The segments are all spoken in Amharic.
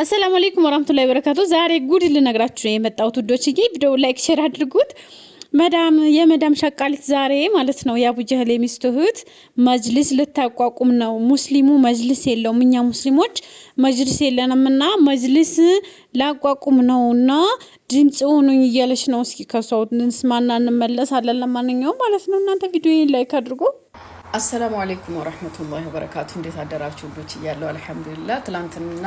አሰላሙ አለይኩም ወራህመቱላሂ ወበረካቱ። ዛሬ ጉድ ልነግራችሁ ነው የመጣሁት ውዶችዬ። ቪዲዮ ላይክ፣ ሼር አድርጉት። መዳም የመዳም ሸቃሊት ዛሬ ማለት ነው የአቡጀህል የሚስት እህት መጅልስ ልታቋቁም ነው። ሙስሊሙ መጅልስ የለውም፣ እኛ ሙስሊሞች መጅልስ የለንም እና መጅልስ ላቋቁም ነው እና ድምፅ ሆኑኝ እያለች ነው። እስኪ ከሷ እንስማና አለን። ለማንኛውም ማለት ነው እናንተ ቪዲዮ ላይክ አድርጉ። አሰላሙ አሌይኩም ወረህመቱላሂ ወበረካቱ። እንዴት አደራችሁ ውዶች? እያለው አልሐምዱሊላህ። ትላንትና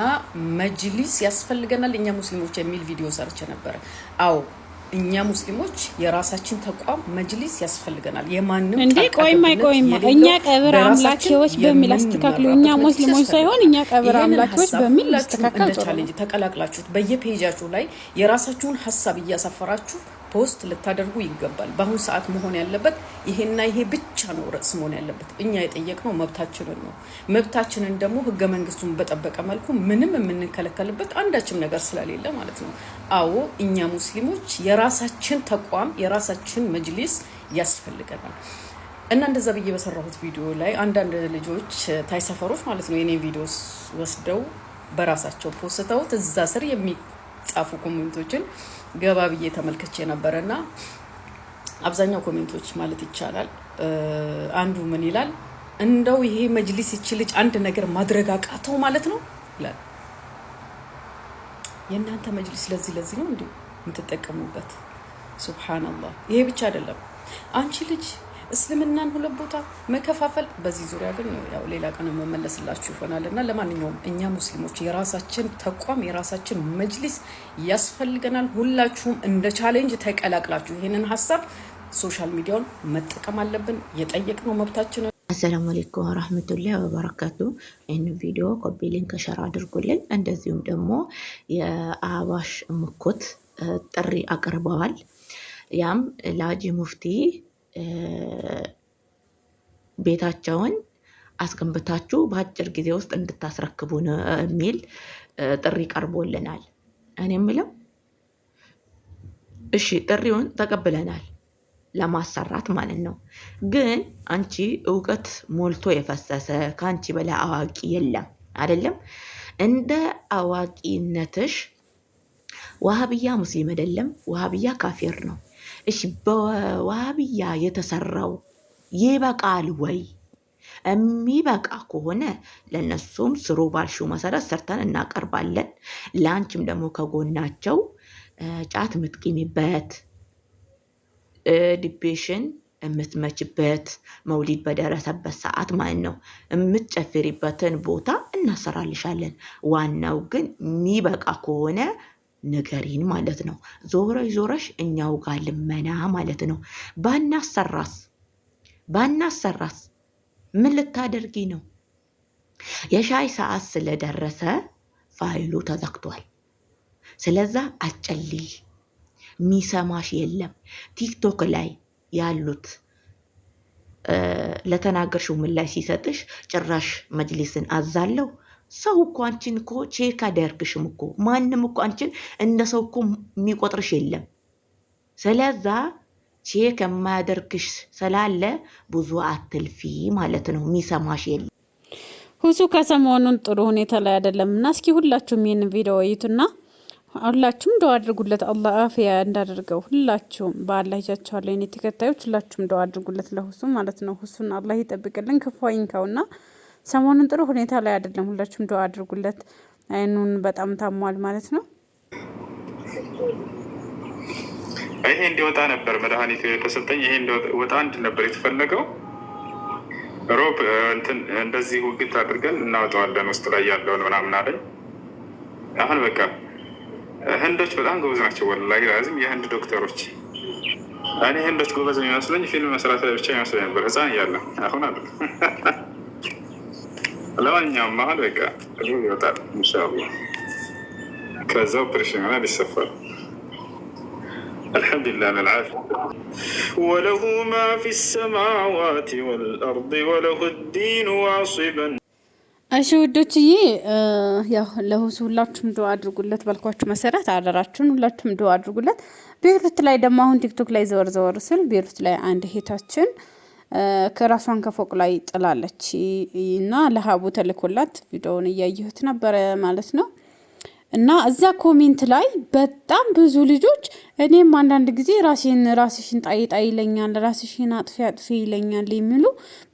መጅሊስ ያስፈልገናል እኛ ሙስሊሞች የሚል ቪዲዮ ሰርቼ ነበረ። አዎ እኛ ሙስሊሞች የራሳችን ተቋም መጅሊስ ያስፈልገናል። የማንም እንዴ ቆይማ ቆይማ እኛ ቀብር አምላኪዎች በሚል አስተካክሉ። እኛ ሙስሊሞች ሳይሆን እኛ ቀብር አምላኪዎች በሚል አስተካክሉ። እንደ ቻሌንጅ ተቀላቅላችሁት በየፔጃችሁ ላይ የራሳችሁን ሀሳብ እያሰፈራችሁ ፖስት ልታደርጉ ይገባል። በአሁኑ ሰዓት መሆን ያለበት ይሄና ይሄ ብቻ ነው ርዕስ መሆን ያለበት። እኛ የጠየቅነው መብታችንን ነው። መብታችንን ደግሞ ህገ መንግስቱን በጠበቀ መልኩ ምንም የምንከለከልበት አንዳችም ነገር ስለሌለ ማለት ነው። አዎ እኛ ሙስሊሞች የራሳችን ተቋም የራሳችን መጅሊስ ያስፈልገናል። እና እንደዛ ብዬ በሰራሁት ቪዲዮ ላይ አንዳንድ ልጆች ሰፈሮች ማለት ነው የኔ ቪዲዮ ወስደው በራሳቸው ፖስተውት እዛ ስር የሚጻፉ ኮሜንቶችን ገባ ብዬ ተመልክቼ ነበረ እና አብዛኛው ኮሜንቶች ማለት ይቻላል አንዱ ምን ይላል እንደው ይሄ መጅሊስ ይቺ ልጅ አንድ ነገር ማድረግ አቃተው ማለት ነው ይላል። የእናንተ መጅሊስ ለዚህ ለዚህ ነው እንዲ የምትጠቀሙበት። ሱብሃነላህ። ይሄ ብቻ አይደለም አንቺ ልጅ እስልምናን ሁለት ቦታ መከፋፈል። በዚህ ዙሪያ ግን ያው ሌላ ቀን መመለስላችሁ ይሆናል እና ለማንኛውም እኛ ሙስሊሞች የራሳችን ተቋም የራሳችን መጅሊስ ያስፈልገናል። ሁላችሁም እንደ ቻሌንጅ ተቀላቅላችሁ ይህንን ሀሳብ ሶሻል ሚዲያውን መጠቀም አለብን። የጠየቅነው መብታችንን። አሰላሙ አለይኩም ወራህመቱላሂ ወበረካቱ። ይህን ቪዲዮ ኮፒ ሊንክ ሸር አድርጉልን። እንደዚሁም ደግሞ የአህባሽ ምኮት ጥሪ አቅርበዋል። ያም ለሀጂ ሙፍቲ ቤታቸውን አስገንብታችሁ በአጭር ጊዜ ውስጥ እንድታስረክቡ የሚል ጥሪ ቀርቦልናል። እኔ የምለው እሺ ጥሪውን ተቀብለናል። ለማሰራት ማለት ነው። ግን አንቺ እውቀት ሞልቶ የፈሰሰ ከአንቺ በላይ አዋቂ የለም አይደለም። እንደ አዋቂነትሽ ዋሃብያ ሙስሊም አይደለም፣ ዋሃብያ ካፊር ነው። እሺ በዋሃብያ የተሰራው ይበቃል ወይ? የሚበቃ ከሆነ ለእነሱም ስሩ ባልሽው መሰረት ሰርተን እናቀርባለን። ለአንቺም ደግሞ ከጎናቸው ጫት ምትቅሚበት ዲቤሽን የምትመችበት መውሊድ በደረሰበት ሰዓት ማለት ነው። የምትጨፍሪበትን ቦታ እናሰራልሻለን። ዋናው ግን የሚበቃ ከሆነ ንገሪን ማለት ነው። ዞረሽ ዞረሽ እኛው ጋር ልመና ማለት ነው። ባናሰራስ ባናሰራስ ምን ልታደርጊ ነው? የሻይ ሰዓት ስለደረሰ ፋይሉ ተዘግቷል። ስለዛ አጨልይ ሚሰማሽ የለም። ቲክቶክ ላይ ያሉት ለተናገርሽው ምላሽ ሲሰጥሽ ጭራሽ መጅሊስን አዛለው። ሰው እኮ አንቺን እኮ ቼክ አደርግሽም እኮ ማንም እኮ አንቺን እንደ ሰው እኮ የሚቆጥርሽ የለም። ስለዛ ቼክ የማያደርግሽ ስላለ ብዙ አትልፊ ማለት ነው። የሚሰማሽ የለም። ሁሱ ከሰሞኑን ጥሩ ሁኔታ ላይ አይደለም እና እስኪ ሁላችሁም ይህን ቪዲዮ እዩትና ሁላችሁም ደዋ አድርጉለት አላህ አፍያ እንዳደርገው። ሁላችሁም በአላህ ይጃቸዋለሁ የኔ ተከታዮች፣ ሁላችሁም ደዋ አድርጉለት ለሁሱ ማለት ነው። ሁሱን አላህ ይጠብቅልን፣ ክፉ አይንካው ሰሞኑን ጥሩ ሁኔታ ላይ አይደለም። ሁላችሁም ደዋ አድርጉለት። አይኑን በጣም ታሟል ማለት ነው። ይሄ እንዲወጣ ነበር መድኃኒቱ የተሰጠኝ። ይሄ እንዲወጣ አንድ ነበር የተፈለገው። ሮብ እንደዚህ ውግት አድርገን እናወጣዋለን ውስጥ ላይ ያለውን ምናምን አለኝ። አሁን በቃ ህንዶች በጣም ጎበዝ ናቸው። ወላሂ ላዚም የህንድ ዶክተሮች እኔ ህንዶች ጎበዝ የሚመስለኝ ፊልም መስራት ብቻ ይመስለኝ ነበር ህፃን እያለ አሁን አለ። ለማንኛውም አሁን በቃ ይወጣል ኢንሻላህ። ከዛ ኦፕሬሽን ሆናል ይሰፋል። الحمد لله على العافية وله ما في السماوات والأرض وله الدين واصبا እሺ ውዶችዬ ያው ለሁሱ ሁላችሁም ዱአ አድርጉለት ባልኳችሁ መሰረት አደራችሁን ሁላችሁም ዱአ አድርጉለት። ቤሩት ላይ ደግሞ አሁን ቲክቶክ ላይ ዘወር ዘወር ስል ቤሩት ላይ አንድ ሄታችን ከራሷን ከፎቅ ላይ ጥላለች እና ለሀቡ ተልኮላት ቪዲዮውን እያየሁት ነበረ ማለት ነው። እና እዛ ኮሜንት ላይ በጣም ብዙ ልጆች እኔም አንዳንድ ጊዜ ራሴን ራስሽን ጣይ ጣይ ይለኛል፣ ራሴሽን አጥፊ አጥፊ ይለኛል የሚሉ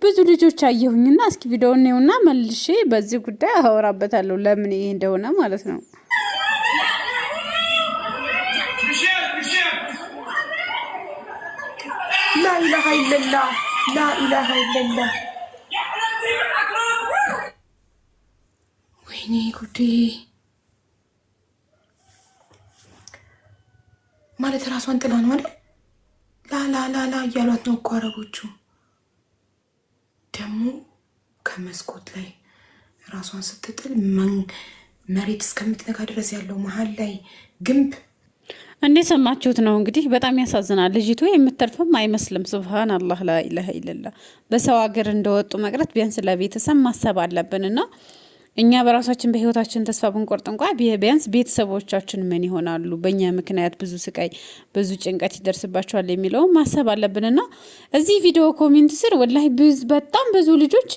ብዙ ልጆች አየሁኝና እስኪ ቪዲዮውን ነውና መልሼ በዚህ ጉዳይ አወራበታለሁ ለምን ይሄ እንደሆነ ማለት ነው። ላኢላሃ ኢለላ ላኢላሃ ኢለላ ወይኔ ጉዴ ማለት ራሷን ጥላ ነው አይደል? ላላላላ እያሏት ነው እኮ አረቦቹ። ደግሞ ከመስኮት ላይ ራሷን ስትጥል መሬት እስከምትነካ ድረስ ያለው መሀል ላይ ግንብ ሰማችሁት ነው እንግዲህ። በጣም ያሳዝናል። ልጅቱ የምትርፍም አይመስልም። ስብሃን አላህ ላኢላሀ ኢለላ። በሰው ሀገር እንደወጡ መቅረት ቢያንስ ለቤተሰብ ማሰብ አለብን እና እኛ በራሳችን በህይወታችን ተስፋ ብንቆርጥ እንኳ ቢያንስ ቤተሰቦቻችን ምን ይሆናሉ፣ በእኛ ምክንያት ብዙ ስቃይ፣ ብዙ ጭንቀት ይደርስባቸዋል የሚለውን ማሰብ አለብንና እዚህ ቪዲዮ ኮሜንት ስር ወላሂ በጣም ብዙ ልጆች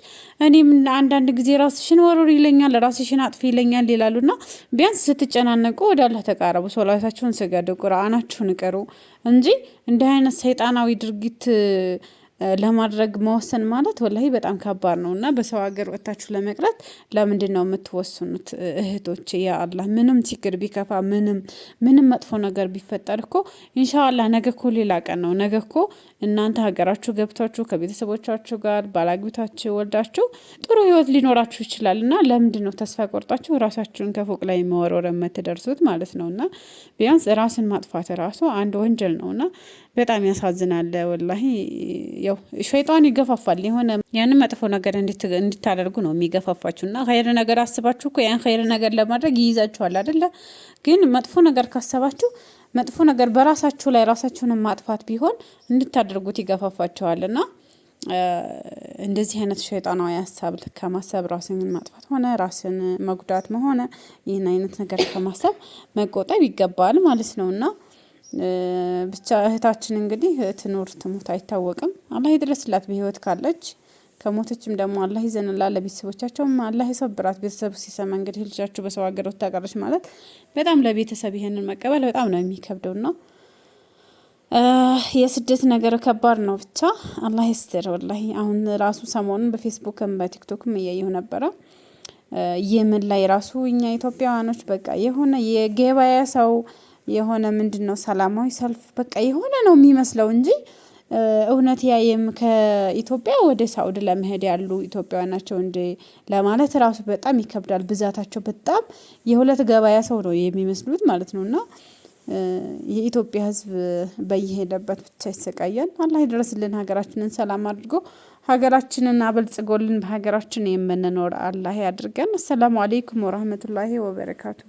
እኔም አንዳንድ ጊዜ ራስሽን ወሮር ይለኛል፣ ራስሽን አጥፊ ይለኛል ይላሉና ቢያንስ ስትጨናነቁ ወደ አላህ ተቃረቡ፣ ሶላታችሁን ስገዱ፣ ቁርአናችሁን እቀሩ እንጂ እንዲህ አይነት ሰይጣናዊ ድርጊት ለማድረግ መወሰን ማለት ወላሂ በጣም ከባድ ነው እና በሰው ሀገር ወጥታችሁ ለመቅረት ለምንድን ነው የምትወስኑት? እህቶች ያ አላህ ምንም ችግር ቢከፋ ምንም ምንም መጥፎ ነገር ቢፈጠር እኮ ኢንሻአላህ ነገ እኮ ሌላ ቀን ነው። ነገ እኮ እናንተ ሀገራችሁ ገብታችሁ ከቤተሰቦቻችሁ ጋር ባላግብታችሁ ወልዳችሁ ጥሩ ህይወት ሊኖራችሁ ይችላል እና ለምንድን ነው ተስፋ ቆርጣችሁ ራሳችሁን ከፎቅ ላይ መወረወር የምትደርሱት ማለት ነው እና ቢያንስ ራስን ማጥፋት ራሱ አንድ ወንጀል ነው እና በጣም ያሳዝናል። ወላሂ ያው ሸይጣን ይገፋፋል። የሆነ ያንን መጥፎ ነገር እንድታደርጉ ነው የሚገፋፋችሁ እና ኸይር ነገር አስባችሁ እኮ ያን ኸይር ነገር ለማድረግ ይይዛችኋል አይደለ? ግን መጥፎ ነገር ካሰባችሁ መጥፎ ነገር በራሳችሁ ላይ ራሳችሁንም ማጥፋት ቢሆን እንድታደርጉት ይገፋፋችኋል እና እንደዚህ አይነት ሸይጣናዊ ሀሳብ ከማሰብ ራስን ማጥፋት ሆነ ራስን መጉዳት መሆነ ይህን አይነት ነገር ከማሰብ መቆጠብ ይገባል ማለት ነው እና ብቻ እህታችን እንግዲህ ትኖር ትሞት አይታወቅም። አላህ ይድረስላት በህይወት ካለች። ከሞተችም ደግሞ አላህ ይዘንላ ለቤተሰቦቻቸውም አላህ ይሰብራት። ቤተሰብ ሲሰማ እንግዲህ ልጃችሁ በሰው ሀገር ወጥታ ማለት በጣም ለቤተሰብ ይሄንን መቀበል በጣም ነው የሚከብደውና የስደት ነገር ከባድ ነው። ብቻ አላህ ይስጥር። ወላሂ አሁን ራሱ ሰሞኑን በፌስቡክም በቲክቶክም እያየሁ ነበረ የምን ላይ ራሱ እኛ ኢትዮጵያውያኖች በቃ የሆነ የገበያ ሰው የሆነ ምንድን ነው ሰላማዊ ሰልፍ በቃ የሆነ ነው የሚመስለው እንጂ እውነት ያየም ከኢትዮጵያ ወደ ሳውድ ለመሄድ ያሉ ኢትዮጵያውያን ናቸው እንዴ ለማለት ራሱ በጣም ይከብዳል። ብዛታቸው በጣም የሁለት ገበያ ሰው ነው የሚመስሉት ማለት ነው እና የኢትዮጵያ ሕዝብ በየሄደበት ብቻ ይሰቃያል። አላህ ይድረስልን፣ ሀገራችንን ሰላም አድርጎ ሀገራችንን አበልጽጎልን በሀገራችን የምንኖር አላህ ያድርገን። አሰላሙ አሌይኩም ወራህመቱላሂ ወበረካቱ።